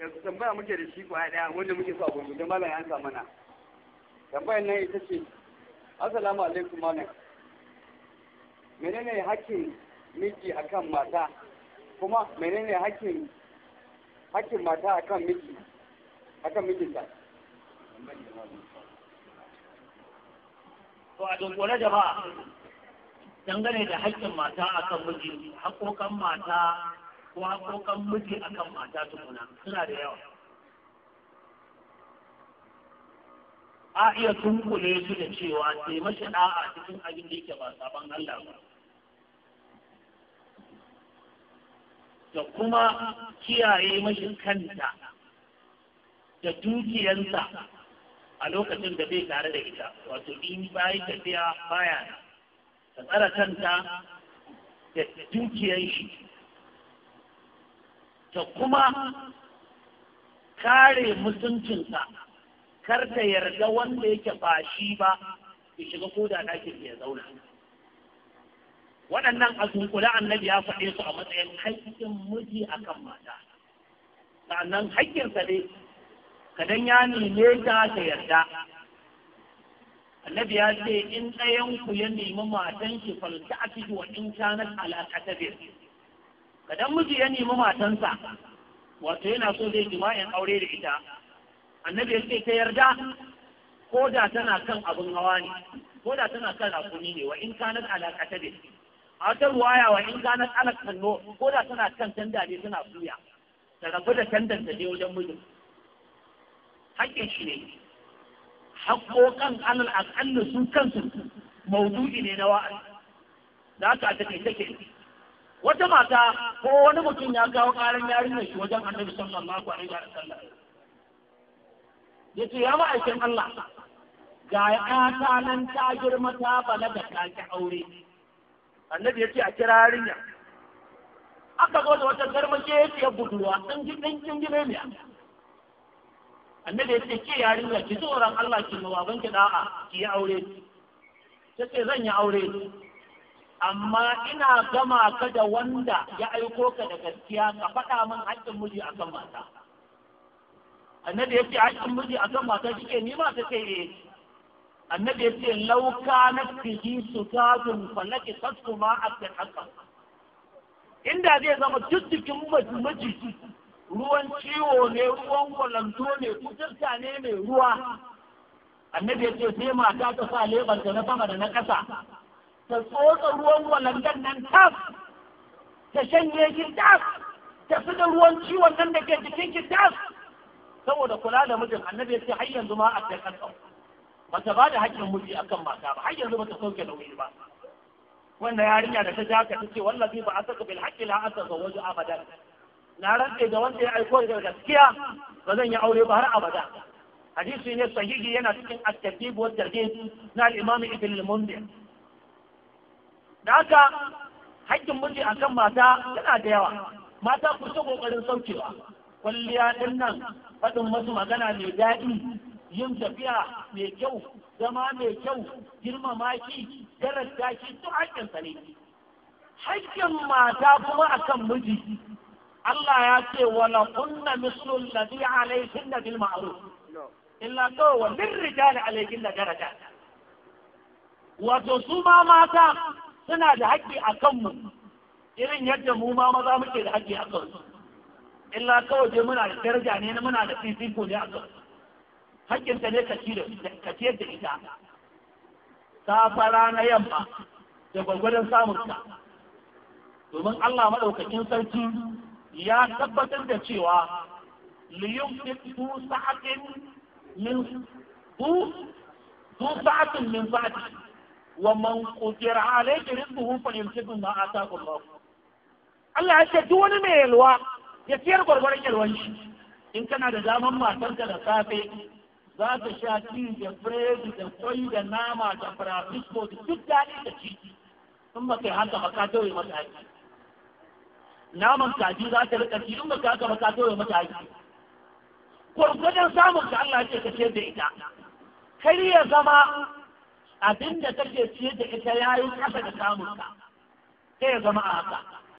yanzu tambaya muke da shi kwaya daya wanda muke so a gurgurdan malam ya ansa mana tambayar nan ita ce assalamu alaikum malam menene hakkin miji akan mata kuma menene hakkin hakkin mata akan miji akan mijinta to a dunkule jama'a dangane da hakkin mata akan miji haƙoƙan mata ko haƙoƙan miji akan mata tukuna suna da yawa a iya tunkule su da cewa sai mashi da'a cikin abin da yake ba sabon Allah ba da kuma kiyaye mashi kanta da dukiyarsa a lokacin da bai tare da ita wato in bayi tafiya baya ta tsara kanta da dukiyar shi ta kuma kare mutuncinsa kar ta yarda wanda yake ba shi ba ya shiga koda ɗakin ya zauna waɗannan a tunkula annabi ya faɗe su a matsayin haƙƙin miji a kan mata sannan haƙƙinsa ne kadan ya neme ta ta yarda annabi ya ce in ɗayan ku ya nemi matan shi falta a ciki wa in kanat ala katabir kadan miji ya nemi matansa wato yana so zai jima'in aure da ita annabi ya ce ta yarda ko da tana kan abin hawa ne ko da tana kan rakumi ne wa in kanat ala katabir a wata ruwaya wa in kanat ala kanno ko da tana kan tanda ne tana suya ta rabu da tandan ta wajen mijin hakkin shi ne haƙoƙan alal aƙalla su kansu mawdu'i ne na wa'azi da aka a take take wata mata ko wani mutum ya kawo ƙarin yarinyar shi wajen annabi sallallahu alaihi wa sallam yace ya ma'aikin Allah ga ƴata nan ta girma ta bala ta ki aure annabi yace a kira yarinya aka zo da wata garmace yace budurwa ɗan gidan ɗan kin gine annabi ya ce ke yarinya ki tsoron Allah ki ma baban ki da'a ki yi aure ta ce zan yi aure amma ina gama ka da wanda ya aiko ka da gaskiya ka faɗa min haƙƙin miji akan mata annabi ya ce haƙƙin miji akan mata kike ni ma ta ce eh annabi ya ce lauka na fihi sutadun falaki tasuma akan haƙƙin inda zai zama duk jikin miji ruwan ciwo ne ruwan kwalanto ne kuturta ne mai ruwa annabi ya ce sai mata ta sa lebanta na sama da na ƙasa ta tsotsa ruwan kwalantar nan tas ta shanye shi tas ta fi da ruwan ciwon nan da ke jikin ki tas saboda kula da mijin annabi ya ce har yanzu ma a ta ƙasa ba ta ba da haƙƙin miji akan mata ba har yanzu ba ta sauke nauyi ba wannan yarinya da ta jaka ta ce wallafi ba a saka bil haƙƙi la asa zawaji abadan na rantse da wanda ya aiko da gaskiya ba zan yi aure ba har abada hadisi ne sahihi yana cikin at-tartib wa tarhib na al-imam ibn al mundhir da haka haƙƙin miji akan mata yana da yawa mata ku ta kokarin saukewa kwalliya din nan faɗin wasu magana mai daɗi yin tafiya mai kyau zama mai kyau girmama shi darasta shi duk sa ne haƙƙin mata kuma akan miji Allah ya ce wala kunna a laifin da bil ma'ruf illa to wa lirrijali alayhinna daraja wato su ma mata suna da haƙƙi a kanmu irin yadda mu ma maza muke da haƙƙi a kansu illa to je muna da daraja ne muna da fifiko ne a kansu haƙƙinta ne ka ci da ita fara na yamma da gwagwadon samunta domin Allah maɗaukakin sarki ya tabbatar da cewa liyumfik du sa'atin min du du sa'atin min sa'ati wa man qadira alayhi rizquhu falyumsik ma ataahu Allah Allah ya ce duk wani mai yalwa ya ciyar gwargwaron yalwan shi in kana da daman matarka da safe za ka sha ci da biredi da kwai da nama da francisco da duk daɗi da ciki in ba kai haka ba ka daure mata aiki naman kaji za ta rika in ba ka ba ka ya mata aiki samun ka Allah ce ka ce da ita kar ya zama abin da kake da ita ya yi da samun ka sai ya zama a haka